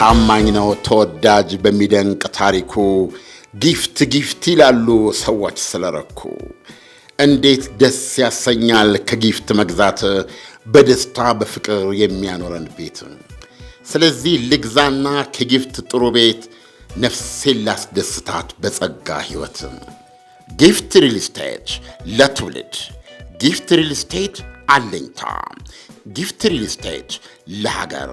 ታማኝ ነው ተወዳጅ በሚደንቅ ታሪኩ ጊፍት ጊፍት ይላሉ ሰዎች ስለረኩ። እንዴት ደስ ያሰኛል ከጊፍት መግዛት በደስታ በፍቅር የሚያኖረን ቤት። ስለዚህ ልግዛና ከጊፍት ጥሩ ቤት ነፍሴን ላስደስታት በጸጋ ሕይወት። ጊፍት ሪል ስቴት ለትውልድ ጊፍት ሪል ስቴት አለኝታ ጊፍት ሪል ስቴት ለሀገር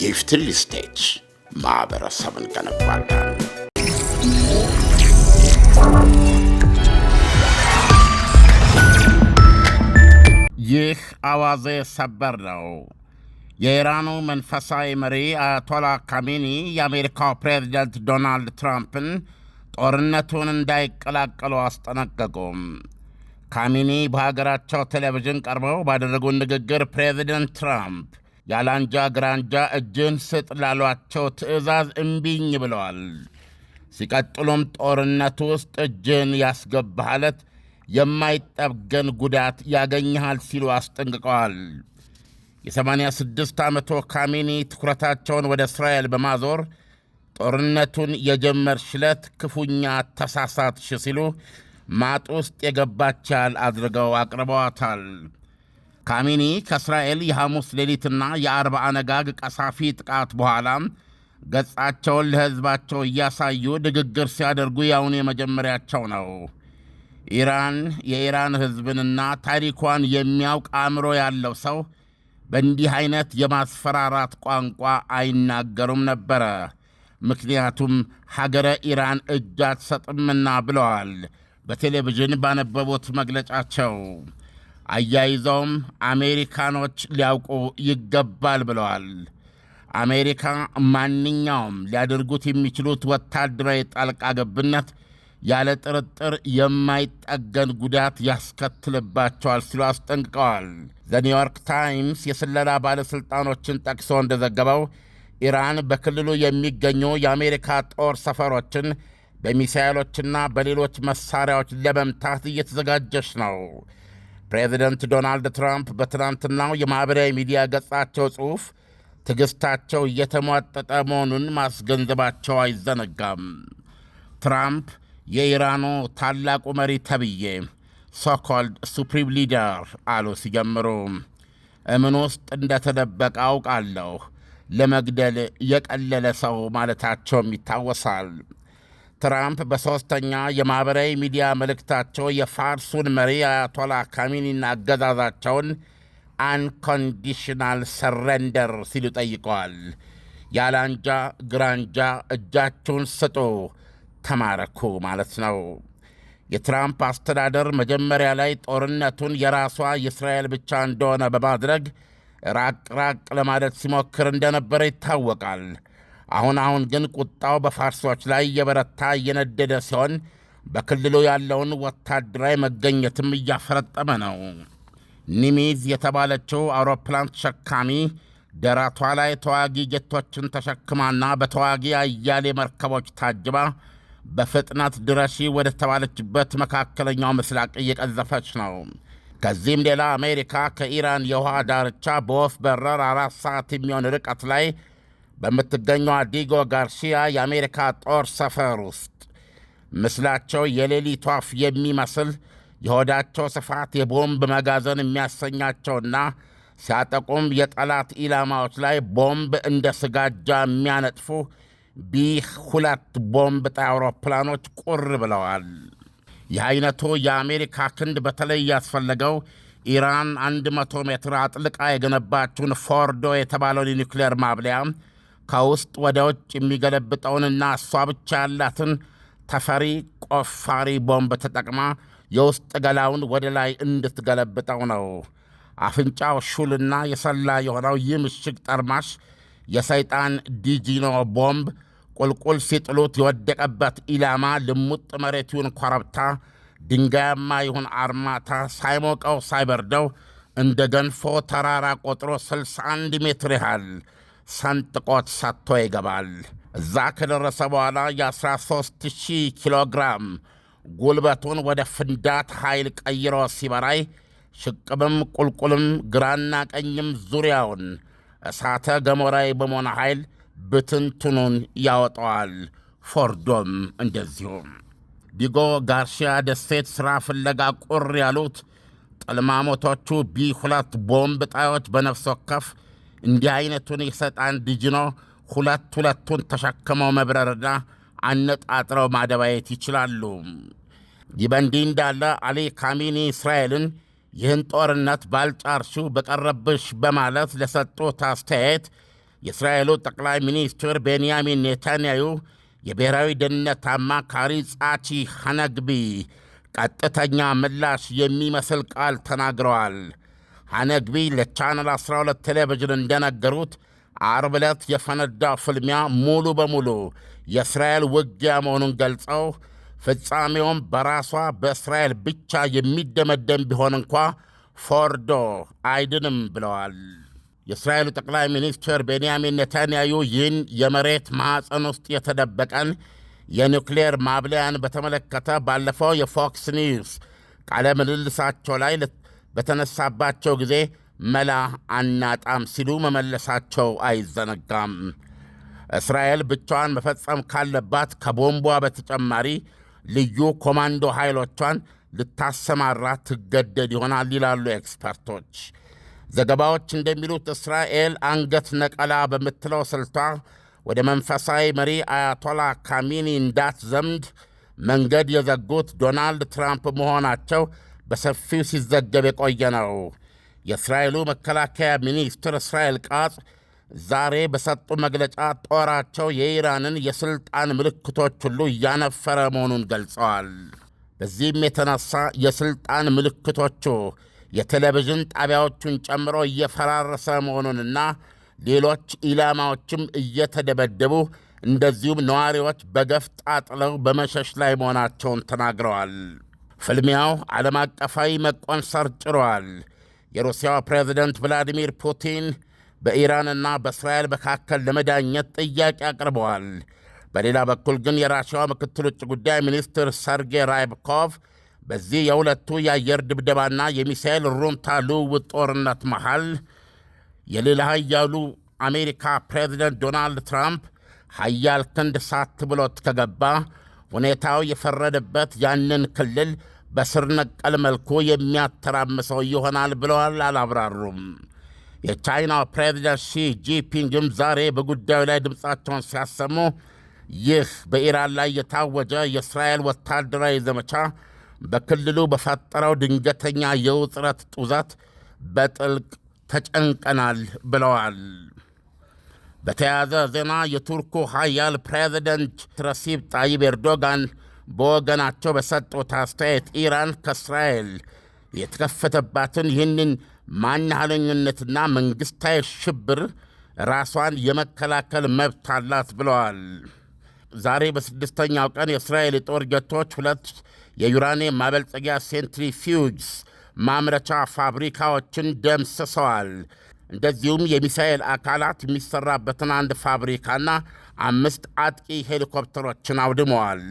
ጊፍትል ስቴት ማህበረሰብን ገነባለን። ይህ አዋዜ ሰበር ነው። የኢራኑ መንፈሳዊ መሪ አያቶላ ካሚኒ የአሜሪካው ፕሬዝደንት ዶናልድ ትራምፕን ጦርነቱን እንዳይቀላቀሉ አስጠነቀቁም። ካሚኒ በሀገራቸው ቴሌቪዥን ቀርበው ባደረጉ ንግግር ፕሬዚደንት ትራምፕ ያላንጃ ግራንጃ እጅን ስጥ ላሏቸው ትዕዛዝ እምቢኝ ብለዋል። ሲቀጥሉም ጦርነት ውስጥ እጅን ያስገባህ አለት የማይጠገን ጉዳት ያገኝሃል ሲሉ አስጠንቅቀዋል። የ86 ዓመቱ ካሚኒ ትኩረታቸውን ወደ እስራኤል በማዞር ጦርነቱን የጀመርሽ ዕለት ክፉኛ ተሳሳትሽ ሲሉ ማጥ ውስጥ የገባች ያህል አድርገው አቅርበዋታል። ካሚኒ ከእስራኤል የሐሙስ ሌሊትና የአርባ አነጋግ ቀሳፊ ጥቃት በኋላ ገጻቸውን ለሕዝባቸው እያሳዩ ንግግር ሲያደርጉ ያውኑ የመጀመሪያቸው ነው። ኢራን የኢራን ሕዝብንና ታሪኳን የሚያውቅ አእምሮ ያለው ሰው በእንዲህ አይነት የማስፈራራት ቋንቋ አይናገሩም ነበረ፣ ምክንያቱም ሀገረ ኢራን እጅ አትሰጥምና ብለዋል በቴሌቪዥን ባነበቡት መግለጫቸው። አያይዘውም አሜሪካኖች ሊያውቁ ይገባል ብለዋል። አሜሪካ ማንኛውም ሊያደርጉት የሚችሉት ወታደራዊ ጣልቃ ገብነት ያለ ጥርጥር የማይጠገን ጉዳት ያስከትልባቸዋል ሲሉ አስጠንቅቀዋል። ዘኒውዮርክ ታይምስ የስለላ ባለሥልጣኖችን ጠቅሶ እንደዘገበው ኢራን በክልሉ የሚገኙ የአሜሪካ ጦር ሰፈሮችን በሚሳይሎችና በሌሎች መሣሪያዎች ለመምታት እየተዘጋጀች ነው። ፕሬዚደንት ዶናልድ ትራምፕ በትናንትናው የማኅበራዊ ሚዲያ ገጻቸው ጽሑፍ ትዕግሥታቸው እየተሟጠጠ መሆኑን ማስገንዘባቸው አይዘነጋም። ትራምፕ የኢራኑ ታላቁ መሪ ተብዬ ሶኮልድ ሱፕሪም ሊደር አሉ ሲጀምሩ፣ እምን ውስጥ እንደተደበቀ አውቃለሁ ለመግደል የቀለለ ሰው ማለታቸውም ይታወሳል። ትራምፕ በሦስተኛ የማኅበራዊ ሚዲያ መልእክታቸው የፋርሱን መሪ አያቶላ ካሚኒና አገዛዛቸውን አንኮንዲሽናል ሰረንደር ሲሉ ጠይቀዋል። ያላንጃ ግራንጃ እጃችሁን ስጡ፣ ተማረኩ ማለት ነው። የትራምፕ አስተዳደር መጀመሪያ ላይ ጦርነቱን የራሷ የእስራኤል ብቻ እንደሆነ በማድረግ ራቅ ራቅ ለማለት ሲሞክር እንደነበረ ይታወቃል። አሁን አሁን ግን ቁጣው በፋርሶች ላይ የበረታ እየነደደ ሲሆን በክልሉ ያለውን ወታደራዊ መገኘትም እያፈረጠመ ነው። ኒሚዝ የተባለችው አውሮፕላን ተሸካሚ ደራቷ ላይ ተዋጊ ጀቶችን ተሸክማና በተዋጊ አያሌ መርከቦች ታጅባ በፍጥነት ድረሺ ወደ ተባለችበት መካከለኛው ምስራቅ እየቀዘፈች ነው። ከዚህም ሌላ አሜሪካ ከኢራን የውሃ ዳርቻ በወፍ በረር አራት ሰዓት የሚሆን ርቀት ላይ በምትገኘው ዲጎ ጋርሲያ የአሜሪካ ጦር ሰፈር ውስጥ ምስላቸው የሌሊት ወፍ የሚመስል የሆዳቸው ስፋት የቦምብ መጋዘን የሚያሰኛቸውና ሲያጠቁም የጠላት ኢላማዎች ላይ ቦምብ እንደ ስጋጃ የሚያነጥፉ ቢ ሁለት ቦምብ ጣይ አውሮፕላኖች ቁር ብለዋል። ይህ አይነቱ የአሜሪካ ክንድ በተለይ ያስፈለገው ኢራን 100 ሜትር አጥልቃ የገነባችውን ፎርዶ የተባለውን የኒውክሌር ማብለያ ከውስጥ ወደ ውጭ የሚገለብጠውንና እሷ ብቻ ያላትን ተፈሪ ቆፋሪ ቦምብ ተጠቅማ የውስጥ ገላውን ወደ ላይ እንድትገለብጠው ነው። አፍንጫው ሹልና የሰላ የሆነው ይህ ምሽግ ጠርማሽ የሰይጣን ዲጂኖ ቦምብ ቁልቁል ሲጥሉት የወደቀበት ኢላማ ልሙጥ መሬት ኮረብታ፣ ድንጋያማ ይሁን አርማታ ሳይሞቀው ሳይበርደው እንደ ገንፎ ተራራ ቆጥሮ 61 ሜትር ያህል ሰንጥቆት ሰጥቶ ይገባል። እዛ ከደረሰ በኋላ የ13000 ኪሎ ግራም ጉልበቱን ወደ ፍንዳት ኃይል ቀይሮ ሲበራይ ሽቅብም ቁልቁልም ግራና ቀኝም ዙሪያውን እሳተ ገሞራዊ በመሆነ ኃይል ብትንትኑን ያወጣዋል። ፎርዶም እንደዚሁም ዲጎ ጋርሺያ ደሴት ሥራ ፍለጋ ቁር ያሉት ጠልማሞቶቹ ቢ ሁለት ቦምብ ጣዮች በነፍስ ወከፍ እንዲህ አይነቱን የሰይጣን ድጅኖ ሁለት ሁለቱን ተሸክመው መብረርና አነጣጥረው ማደባየት ይችላሉ። ይህ በእንዲህ እንዳለ አሊ ካሚኒ እስራኤልን ይህን ጦርነት ባልጫርሽው በቀረብሽ በማለት ለሰጡት አስተያየት የእስራኤሉ ጠቅላይ ሚኒስትር ቤንያሚን ኔታንያዩ የብሔራዊ ደህንነት አማካሪ ጻቺ ሐነግቢ ቀጥተኛ ምላሽ የሚመስል ቃል ተናግረዋል። ሐነግቢ ለቻነል 12 ቴሌቪዥን እንደነገሩት አርብ ዕለት የፈነዳው ፍልሚያ ሙሉ በሙሉ የእስራኤል ውጊያ መሆኑን ገልጸው ፍጻሜውም በራሷ በእስራኤል ብቻ የሚደመደም ቢሆን እንኳ ፎርዶ አይድንም ብለዋል። የእስራኤሉ ጠቅላይ ሚኒስትር ቤንያሚን ኔታንያዩ ይህን የመሬት ማዕፀን ውስጥ የተደበቀን የኒውክሌር ማብለያን በተመለከተ ባለፈው የፎክስ ኒውስ ቃለ ምልልሳቸው ላይ በተነሳባቸው ጊዜ መላ አናጣም ሲሉ መመለሳቸው አይዘነጋም። እስራኤል ብቻዋን መፈጸም ካለባት ከቦምቧ በተጨማሪ ልዩ ኮማንዶ ኃይሎቿን ልታሰማራ ትገደድ ይሆናል ይላሉ ኤክስፐርቶች። ዘገባዎች እንደሚሉት እስራኤል አንገት ነቀላ በምትለው ስልቷ ወደ መንፈሳዊ መሪ አያቶላ ካሚኒ እንዳትዘምድ መንገድ የዘጉት ዶናልድ ትራምፕ መሆናቸው በሰፊው ሲዘገብ የቆየ ነው። የእስራኤሉ መከላከያ ሚኒስትር እስራኤል ቃጽ ዛሬ በሰጡ መግለጫ ጦራቸው የኢራንን የሥልጣን ምልክቶች ሁሉ እያነፈረ መሆኑን ገልጸዋል። በዚህም የተነሳ የሥልጣን ምልክቶቹ የቴሌቪዥን ጣቢያዎቹን ጨምሮ እየፈራረሰ መሆኑንና ሌሎች ኢላማዎችም እየተደበደቡ እንደዚሁም ነዋሪዎች በገፍ ጣጥለው በመሸሽ ላይ መሆናቸውን ተናግረዋል። ፍልሚያው ዓለም አቀፋዊ መቆንሰር ጭሯል። የሩሲያው ፕሬዝደንት ቭላዲሚር ፑቲን በኢራንና በእስራኤል መካከል ለመዳኘት ጥያቄ አቅርበዋል። በሌላ በኩል ግን የራሽያው ምክትል ውጭ ጉዳይ ሚኒስትር ሰርጌይ ራይብኮቭ በዚህ የሁለቱ የአየር ድብደባና የሚሳኤል ሩምታ ልውውጥ ጦርነት መሃል የሌላ ሀያሉ አሜሪካ ፕሬዝደንት ዶናልድ ትራምፕ ሀያል ክንድ ሳት ብሎት ከገባ ሁኔታው የፈረደበት ያንን ክልል በስር ነቀል መልኩ የሚያተራምሰው ይሆናል ብለዋል። አላብራሩም። የቻይናው ፕሬዚደንት ሺ ጂፒንግም ዛሬ በጉዳዩ ላይ ድምፃቸውን ሲያሰሙ ይህ በኢራን ላይ የታወጀ የእስራኤል ወታደራዊ ዘመቻ በክልሉ በፈጠረው ድንገተኛ የውጥረት ጡዘት በጥልቅ ተጨንቀናል ብለዋል። በተያያዘ ዜና የቱርኩ ሀያል ፕሬዚደንት ረሲብ ጣይብ ኤርዶጋን በወገናቸው በሰጡት አስተያየት ኢራን ከእስራኤል የተከፈተባትን ይህንን ማናህለኝነትና መንግሥታዊ ሽብር ራሷን የመከላከል መብት አላት ብለዋል። ዛሬ በስድስተኛው ቀን የእስራኤል የጦር ጀቶች ሁለት የዩራኒየም ማበልጸጊያ ሴንትሪፊውጅስ ማምረቻ ፋብሪካዎችን ደምስሰዋል። እንደዚሁም የሚሳኤል አካላት የሚሰራበትን አንድ ፋብሪካና አምስት አጥቂ ሄሊኮፕተሮችን አውድመዋል።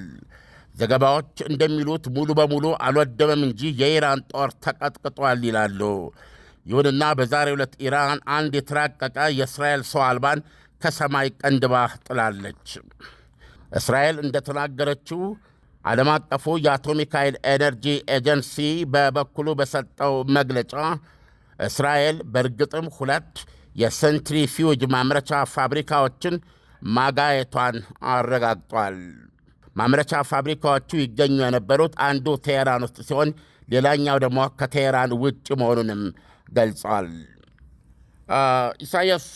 ዘገባዎች እንደሚሉት ሙሉ በሙሉ አልወደመም እንጂ የኢራን ጦር ተቀጥቅጧል ይላሉ። ይሁንና በዛሬ ዕለት ኢራን አንድ የተራቀቀ የእስራኤል ሰው አልባን ከሰማይ ቀንድባ ጥላለች። እስራኤል እንደተናገረችው ዓለም አቀፉ የአቶሚክ ኃይል ኤነርጂ ኤጀንሲ በበኩሉ በሰጠው መግለጫ እስራኤል በእርግጥም ሁለት የሰንትሪፊውጅ ማምረቻ ፋብሪካዎችን ማጋየቷን አረጋግጧል። ማምረቻ ፋብሪካዎቹ ይገኙ የነበሩት አንዱ ቴሄራን ውስጥ ሲሆን ሌላኛው ደግሞ ከቴሄራን ውጭ መሆኑንም ገልጿል። ኢሳያስ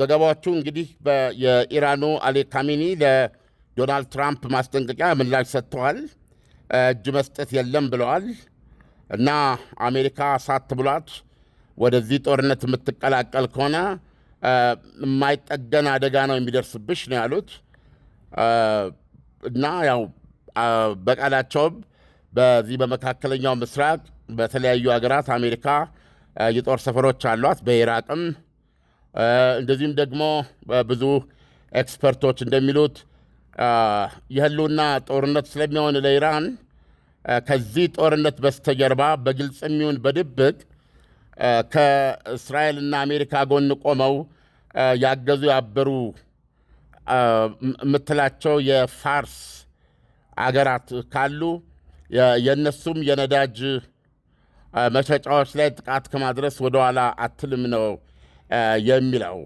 ዘገባዎቹ እንግዲህ የኢራኑ አሊ ካሚኒ ለዶናልድ ትራምፕ ማስጠንቀቂያ ምላሽ ሰጥተዋል። እጅ መስጠት የለም ብለዋል። እና አሜሪካ ሳት ብሏት ወደዚህ ጦርነት የምትቀላቀል ከሆነ የማይጠገን አደጋ ነው የሚደርስብሽ ነው ያሉት። እና ያው በቃላቸውም በዚህ በመካከለኛው ምስራቅ በተለያዩ ሀገራት አሜሪካ የጦር ሰፈሮች አሏት፣ በኢራቅም እንደዚሁም ደግሞ ብዙ ኤክስፐርቶች እንደሚሉት የህልውና ጦርነት ስለሚሆን ለኢራን ከዚህ ጦርነት በስተጀርባ በግልጽም ይሁን በድብቅ ከእስራኤልና አሜሪካ ጎን ቆመው ያገዙ ያበሩ የምትላቸው የፋርስ አገራት ካሉ የእነሱም የነዳጅ መሸጫዎች ላይ ጥቃት ከማድረስ ወደኋላ አትልም ነው የሚለው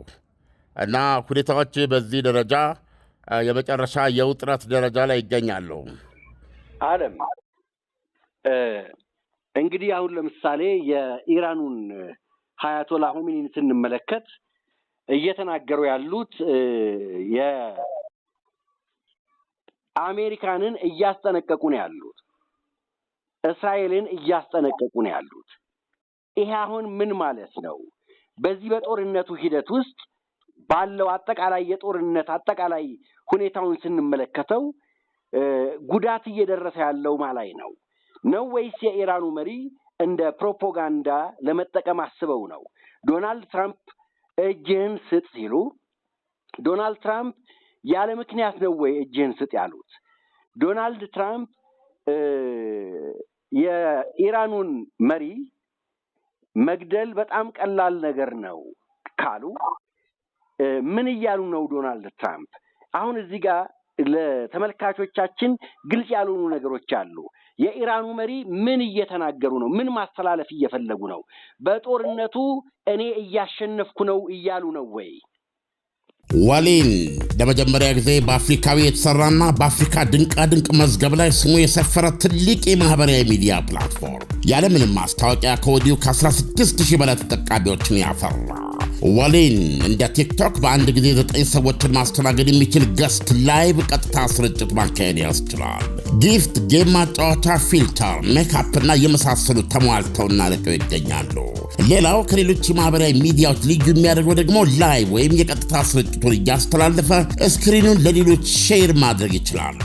እና ሁኔታዎች በዚህ ደረጃ የመጨረሻ የውጥረት ደረጃ ላይ ይገኛሉ። አለም እንግዲህ አሁን ለምሳሌ የኢራኑን ሀያቶላ ሆሚኒን ስንመለከት እየተናገሩ ያሉት የአሜሪካንን እያስጠነቀቁ ነው ያሉት፣ እስራኤልን እያስጠነቀቁ ነው ያሉት። ይሄ አሁን ምን ማለት ነው? በዚህ በጦርነቱ ሂደት ውስጥ ባለው አጠቃላይ የጦርነት አጠቃላይ ሁኔታውን ስንመለከተው ጉዳት እየደረሰ ያለው ማላይ ነው። ነው ወይስ የኢራኑ መሪ እንደ ፕሮፓጋንዳ ለመጠቀም አስበው ነው? ዶናልድ ትራምፕ እጅህን ስጥ ሲሉ ዶናልድ ትራምፕ ያለ ምክንያት ነው ወይ እጅህን ስጥ ያሉት? ዶናልድ ትራምፕ የኢራኑን መሪ መግደል በጣም ቀላል ነገር ነው ካሉ ምን እያሉ ነው ዶናልድ ትራምፕ? አሁን እዚህ ጋር ለተመልካቾቻችን ግልጽ ያልሆኑ ነገሮች አሉ። የኢራኑ መሪ ምን እየተናገሩ ነው? ምን ማስተላለፍ እየፈለጉ ነው? በጦርነቱ እኔ እያሸነፍኩ ነው እያሉ ነው ወይ? ወሊን ለመጀመሪያ ጊዜ በአፍሪካዊ የተሰራና በአፍሪካ ድንቃድንቅ መዝገብ ላይ ስሙ የሰፈረ ትልቅ የማህበራዊ ሚዲያ ፕላትፎርም ያለምንም ማስታወቂያ ከወዲሁ ከ16000 በላይ ተጠቃሚዎችን ያፈራ። ዋሊን እንደ ቲክቶክ በአንድ ጊዜ ዘጠኝ ሰዎችን ማስተናገድ የሚችል ገስት ላይቭ ቀጥታ ስርጭት ማካሄድ ያስችላል። ጊፍት፣ ጌም ማጫወቻ፣ ፊልተር፣ እና የመሳሰሉ ተሟልተውና ረቀው ይገኛሉ። ሌላው ከሌሎች የማህበራዊ ሚዲያዎች ልዩ የሚያደርገው ደግሞ ላይቭ ወይም የቀጥታ ስርጭ መልእክቱን እያስተላለፈ ስክሪኑን ለሌሎች ሼር ማድረግ ይችላሉ።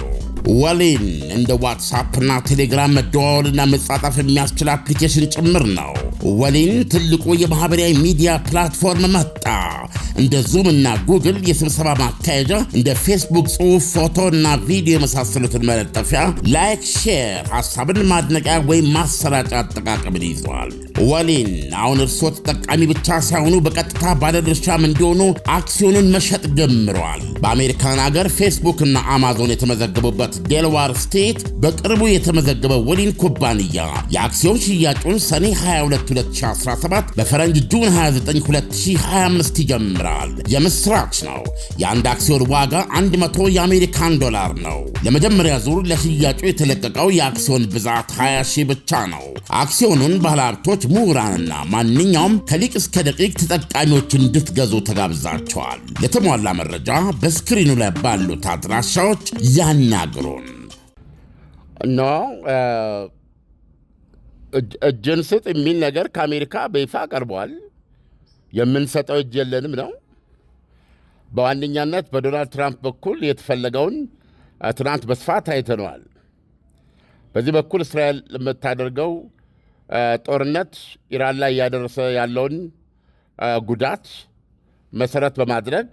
ወሊን እንደ ዋትሳፕና ቴሌግራም መደዋወልና መጻጣፍ የሚያስችል አፕሊኬሽን ጭምር ነው። ወሊን ትልቁ የማህበራዊ ሚዲያ ፕላትፎርም መጣ። እንደ ዙም እና ጉግል የስብሰባ ማካሄጃ፣ እንደ ፌስቡክ ጽሑፍ፣ ፎቶ እና ቪዲዮ የመሳሰሉትን መለጠፊያ፣ ላይክ፣ ሼር፣ ሀሳብን ማድነቂያ ወይም ማሰራጫ አጠቃቀምን ይዘዋል። ወሊን አሁን እርስዎ ተጠቃሚ ብቻ ሳይሆኑ በቀጥታ ባለድርሻም እንዲሆኑ አክሲዮኑን መሸጥ ጀምረዋል። በአሜሪካን አገር ፌስቡክ እና አማዞን የተመዘገቡበት ዴልዋር ስቴት በቅርቡ የተመዘገበ ወሊን ኩባንያ የአክሲዮን ሽያጩን ሰኔ 22 2017 በፈረንጅ ጁን 29 2025 ይጀምራል። የምስራች ነው። የአንድ አክሲዮን ዋጋ 100 የአሜሪካን ዶላር ነው። ለመጀመሪያ ዙር ለሽያጩ የተለቀቀው የአክሲዮን ብዛት 20 ሺህ ብቻ ነው። አክሲዮኑን ባለሀብቶች ምሁራንና ማንኛውም ከሊቅ እስከ ደቂቅ ተጠቃሚዎች እንድትገዙ ተጋብዛቸዋል። የተሟላ መረጃ በስክሪኑ ላይ ባሉት አድራሻዎች ያናግሩን። ኖ እጅን ስጥ የሚል ነገር ከአሜሪካ በይፋ ቀርቧል። የምንሰጠው እጅ የለንም ነው። በዋነኛነት በዶናልድ ትራምፕ በኩል የተፈለገውን ትናንት በስፋት አይተነዋል። በዚህ በኩል እስራኤል የምታደርገው ጦርነት ኢራን ላይ እያደረሰ ያለውን ጉዳት መሰረት በማድረግ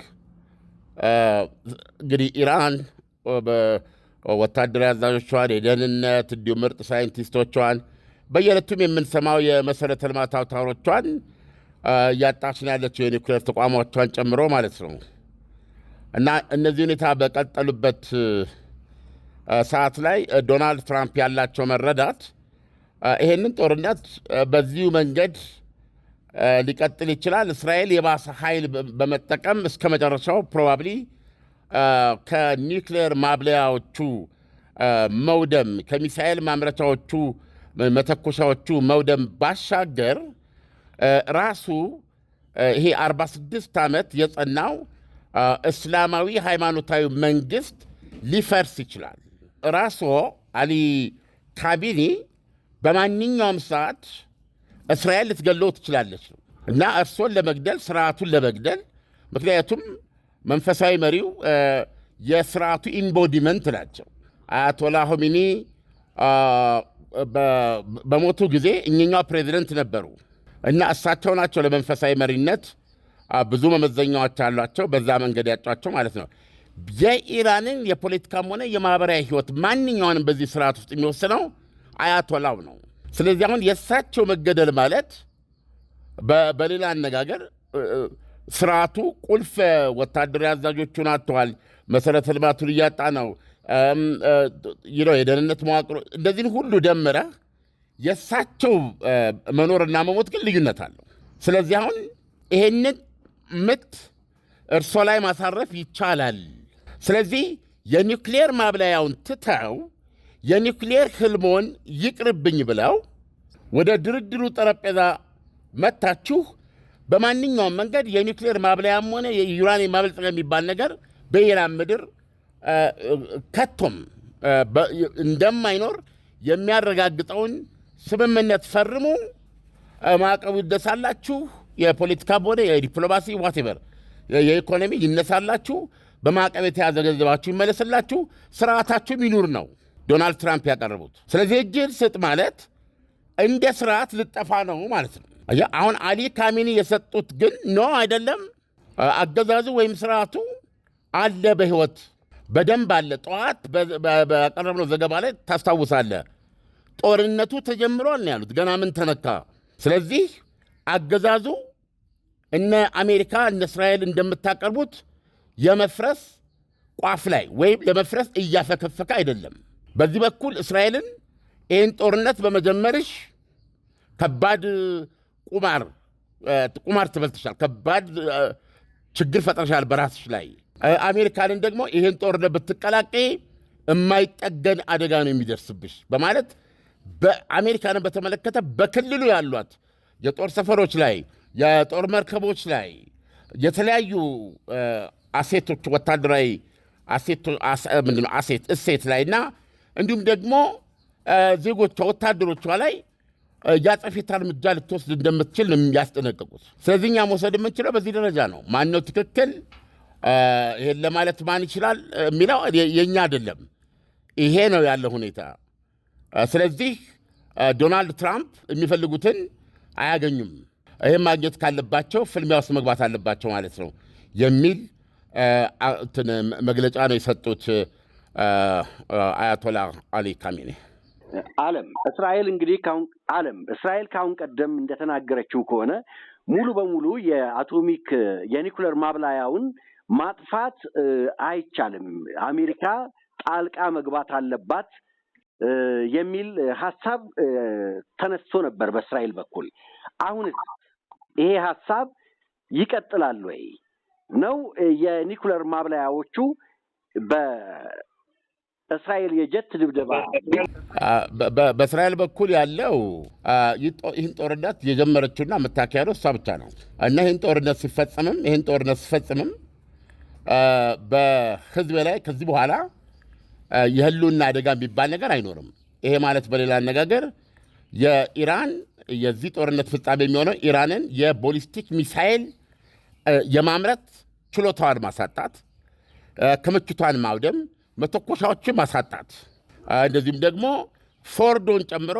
እንግዲህ ኢራን ወታደራዊ አዛዦቿን፣ የደህንነት እንዲሁም ምርጥ ሳይንቲስቶቿን በየለቱም የምንሰማው የመሰረተ ልማት አውታሮቿን እያጣችን ያለችው የኒውክሌር ተቋሟቿን ጨምሮ ማለት ነው እና እነዚህ ሁኔታ በቀጠሉበት ሰዓት ላይ ዶናልድ ትራምፕ ያላቸው መረዳት ይሄንን ጦርነት በዚሁ መንገድ ሊቀጥል ይችላል። እስራኤል የባሰ ኃይል በመጠቀም እስከ መጨረሻው ፕሮባብሊ ከኒውክሌር ማብለያዎቹ መውደም፣ ከሚሳኤል ማምረቻዎቹ መተኮሻዎቹ መውደም ባሻገር ራሱ ይሄ 46 ዓመት የጸናው እስላማዊ ሃይማኖታዊ መንግስት ሊፈርስ ይችላል። ራስዎ አሊ ካቢኒ በማንኛውም ሰዓት እስራኤል ልትገለው ትችላለች እና እርሶን ለመግደል ስርዓቱን ለመግደል ምክንያቱም መንፈሳዊ መሪው የስርዓቱ ኢምቦዲመንት ናቸው። አያቶላ ሆሚኒ በሞቱ ጊዜ እኚኛው ፕሬዚደንት ነበሩ እና እሳቸው ናቸው ለመንፈሳዊ መሪነት ብዙ መመዘኛዎች አሏቸው። በዛ መንገድ ያጫቸው ማለት ነው። የኢራንን የፖለቲካም ሆነ የማህበራዊ ህይወት ማንኛውንም በዚህ ስርዓት ውስጥ የሚወስነው አያቶላው ነው። ስለዚህ አሁን የእሳቸው መገደል ማለት በሌላ አነጋገር ስርዓቱ ቁልፍ ወታደራዊ አዛዦቹን አጥተዋል፣ መሰረተ ልማቱን እያጣ ነው፣ የደህንነት መዋቅሮ እንደዚህን ሁሉ ደምረ የእሳቸው መኖርና መሞት ግን ልዩነት አለው። ስለዚህ አሁን ይሄንን ምት እርሶ ላይ ማሳረፍ ይቻላል። ስለዚህ የኒውክሌር ማብላያውን ትተው የኒውክሌር ህልሞን ይቅርብኝ ብለው ወደ ድርድሩ ጠረጴዛ መታችሁ በማንኛውም መንገድ የኒውክሌር ማብለያም ሆነ የዩራኒየም ማበልጸግ የሚባል ነገር በኢራን ምድር ከቶም እንደማይኖር የሚያረጋግጠውን ስምምነት ፈርሙ፣ ማዕቀቡ ይደሳላችሁ፣ የፖለቲካ ሆነ የዲፕሎማሲ ዋቴቨር የኢኮኖሚ ይነሳላችሁ፣ በማዕቀብ የተያዘ ገንዘባችሁ ይመለስላችሁ፣ ስርዓታችሁም ይኑር ነው። ዶናልድ ትራምፕ ያቀረቡት። ስለዚህ እጅን ስጥ ማለት እንደ ስርዓት ልጠፋ ነው ማለት ነው። አሁን አሊ ካሚኒ የሰጡት ግን ኖ አይደለም፣ አገዛዙ ወይም ስርዓቱ አለ በህይወት በደንብ አለ። ጠዋት በቀረብነው ዘገባ ላይ ታስታውሳለ፣ ጦርነቱ ተጀምሯል ነው ያሉት። ገና ምን ተነካ? ስለዚህ አገዛዙ እነ አሜሪካ እነ እስራኤል እንደምታቀርቡት የመፍረስ ቋፍ ላይ ወይም ለመፍረስ እያፈከፈከ አይደለም። በዚህ በኩል እስራኤልን ይህን ጦርነት በመጀመርሽ ከባድ ቁማር ቁማር ትበልትሻል፣ ከባድ ችግር ፈጥረሻል በራስሽ ላይ። አሜሪካንን ደግሞ ይህን ጦርነት ብትቀላቂ የማይጠገን አደጋ ነው የሚደርስብሽ በማለት በአሜሪካንን በተመለከተ በክልሉ ያሏት የጦር ሰፈሮች ላይ የጦር መርከቦች ላይ የተለያዩ አሴቶች ወታደራዊ አሴት እሴት ላይ እና እንዲሁም ደግሞ ዜጎቿ ወታደሮቿ ላይ የአጸፋ እርምጃ ልትወስድ እንደምትችል ነው ያስጠነቀቁት። ስለዚህ እኛ መውሰድ የምንችለው በዚህ ደረጃ ነው። ማነው ትክክል ይሄን ለማለት ማን ይችላል የሚለው የእኛ አይደለም። ይሄ ነው ያለ ሁኔታ። ስለዚህ ዶናልድ ትራምፕ የሚፈልጉትን አያገኙም። ይህም ማግኘት ካለባቸው ፍልሚያ ውስጥ መግባት አለባቸው ማለት ነው የሚል መግለጫ ነው የሰጡት። አያቶላ አሊ ካሚኒ አለም እስራኤል እንግዲህ አለም እስራኤል ካሁን ቀደም እንደተናገረችው ከሆነ ሙሉ በሙሉ የአቶሚክ የኒኩለር ማብላያውን ማጥፋት አይቻልም፣ አሜሪካ ጣልቃ መግባት አለባት የሚል ሀሳብ ተነስቶ ነበር በእስራኤል በኩል። አሁንስ ይሄ ሀሳብ ይቀጥላል ወይ ነው የኒኩለር ማብላያዎቹ እስራኤል የጀት ድብደባ በእስራኤል በኩል ያለው ይህን ጦርነት የጀመረችውና የምታካሄደው እሷ ብቻ ነው እና ይህን ጦርነት ሲፈጽምም ይህን ጦርነት ሲፈጽምም በህዝብ ላይ ከዚህ በኋላ የህልውና አደጋ የሚባል ነገር አይኖርም። ይሄ ማለት በሌላ አነጋገር የኢራን የዚህ ጦርነት ፍጻሜ የሚሆነው ኢራንን የቦሊስቲክ ሚሳይል የማምረት ችሎታዋን ማሳጣት፣ ክምችቷን ማውደም መተኮሻዎችን ማሳጣት እንደዚሁም ደግሞ ፎርዶን ጨምሮ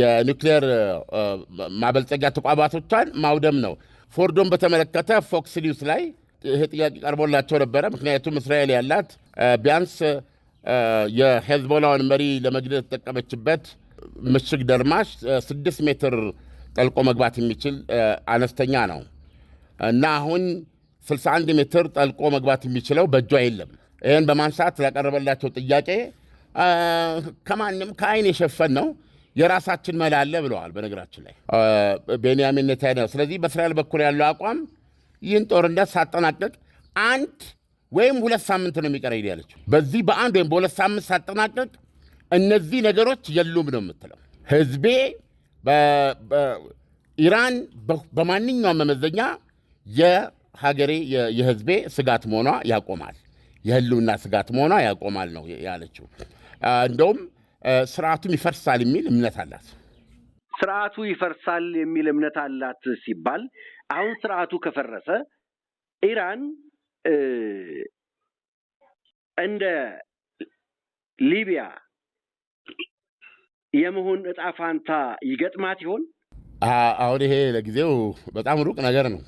የኒክሌር ማበልጸጊያ ተቋማቶቿን ማውደም ነው። ፎርዶን በተመለከተ ፎክስ ኒውስ ላይ ይሄ ጥያቄ ቀርቦላቸው ነበረ። ምክንያቱም እስራኤል ያላት ቢያንስ የሄዝቦላውን መሪ ለመግደል የተጠቀመችበት ምሽግ ደርማሽ ስድስት ሜትር ጠልቆ መግባት የሚችል አነስተኛ ነው እና አሁን 61 ሜትር ጠልቆ መግባት የሚችለው በእጇ የለም። ይህን በማንሳት ለቀረበላቸው ጥያቄ ከማንም ከአይን የሸፈን ነው የራሳችን መላ አለ ብለዋል። በነገራችን ላይ ቤንያሚን ኔታንያሁ ስለዚህ በእስራኤል በኩል ያለው አቋም ይህን ጦርነት ሳጠናቀቅ አንድ ወይም ሁለት ሳምንት ነው የሚቀረኝ ያለችው። በዚህ በአንድ ወይም በሁለት ሳምንት ሳጠናቀቅ እነዚህ ነገሮች የሉም ነው የምትለው። ህዝቤ ኢራን በማንኛውም መመዘኛ የሀገሬ የህዝቤ ስጋት መሆኗ ያቆማል። የህልውና ስጋት መሆኗ ያቆማል ነው ያለችው። እንደውም ስርዓቱም ይፈርሳል የሚል እምነት አላት። ስርዓቱ ይፈርሳል የሚል እምነት አላት ሲባል አሁን ስርዓቱ ከፈረሰ ኢራን እንደ ሊቢያ የመሆን እጣ ፋንታ ይገጥማት ይሆን? አሁን ይሄ ለጊዜው በጣም ሩቅ ነገር ነው።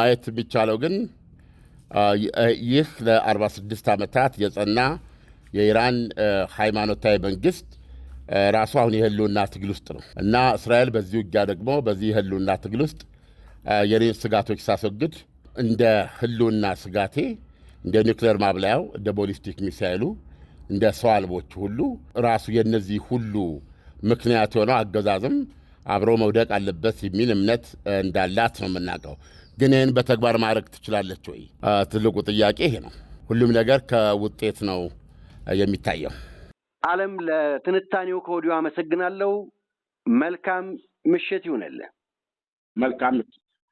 ማየት የሚቻለው ግን ይህ ለ46 ዓመታት የጸና የኢራን ሃይማኖታዊ መንግስት ራሱ አሁን የህልውና ትግል ውስጥ ነው እና እስራኤል በዚህ ውጊያ ደግሞ በዚህ የህልውና ትግል ውስጥ የኔን ስጋቶች ሳስወግድ እንደ ህልውና ስጋቴ እንደ ኒውክሌር ማብላያው እንደ ቦሊስቲክ ሚሳይሉ እንደ ሰው ሁሉ ራሱ የነዚህ ሁሉ ምክንያት የሆነው አገዛዝም አብሮ መውደቅ አለበት የሚል እምነት እንዳላት ነው የምናውቀው። ግን ይህን በተግባር ማድረግ ትችላለች ወይ? ትልቁ ጥያቄ ይሄ ነው። ሁሉም ነገር ከውጤት ነው የሚታየው። አለም፣ ለትንታኔው ከወዲሁ አመሰግናለሁ። መልካም ምሽት ይሁንልህ። መልካም ምሽት።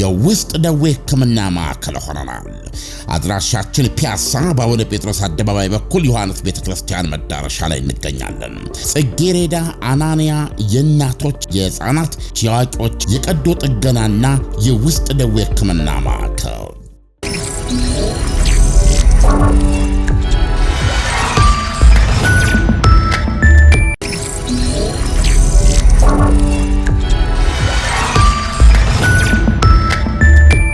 የውስጥ ደዌ ሕክምና ማዕከል ሆነናል። አድራሻችን ፒያሳ በአቡነ ጴጥሮስ አደባባይ በኩል ዮሐንስ ቤተ ክርስቲያን መዳረሻ ላይ እንገኛለን። ጽጌሬዳ፣ አናንያ የእናቶች የሕፃናት፣ የአዋቂዎች የቀዶ ጥገናና የውስጥ ደዌ ሕክምና ማዕከል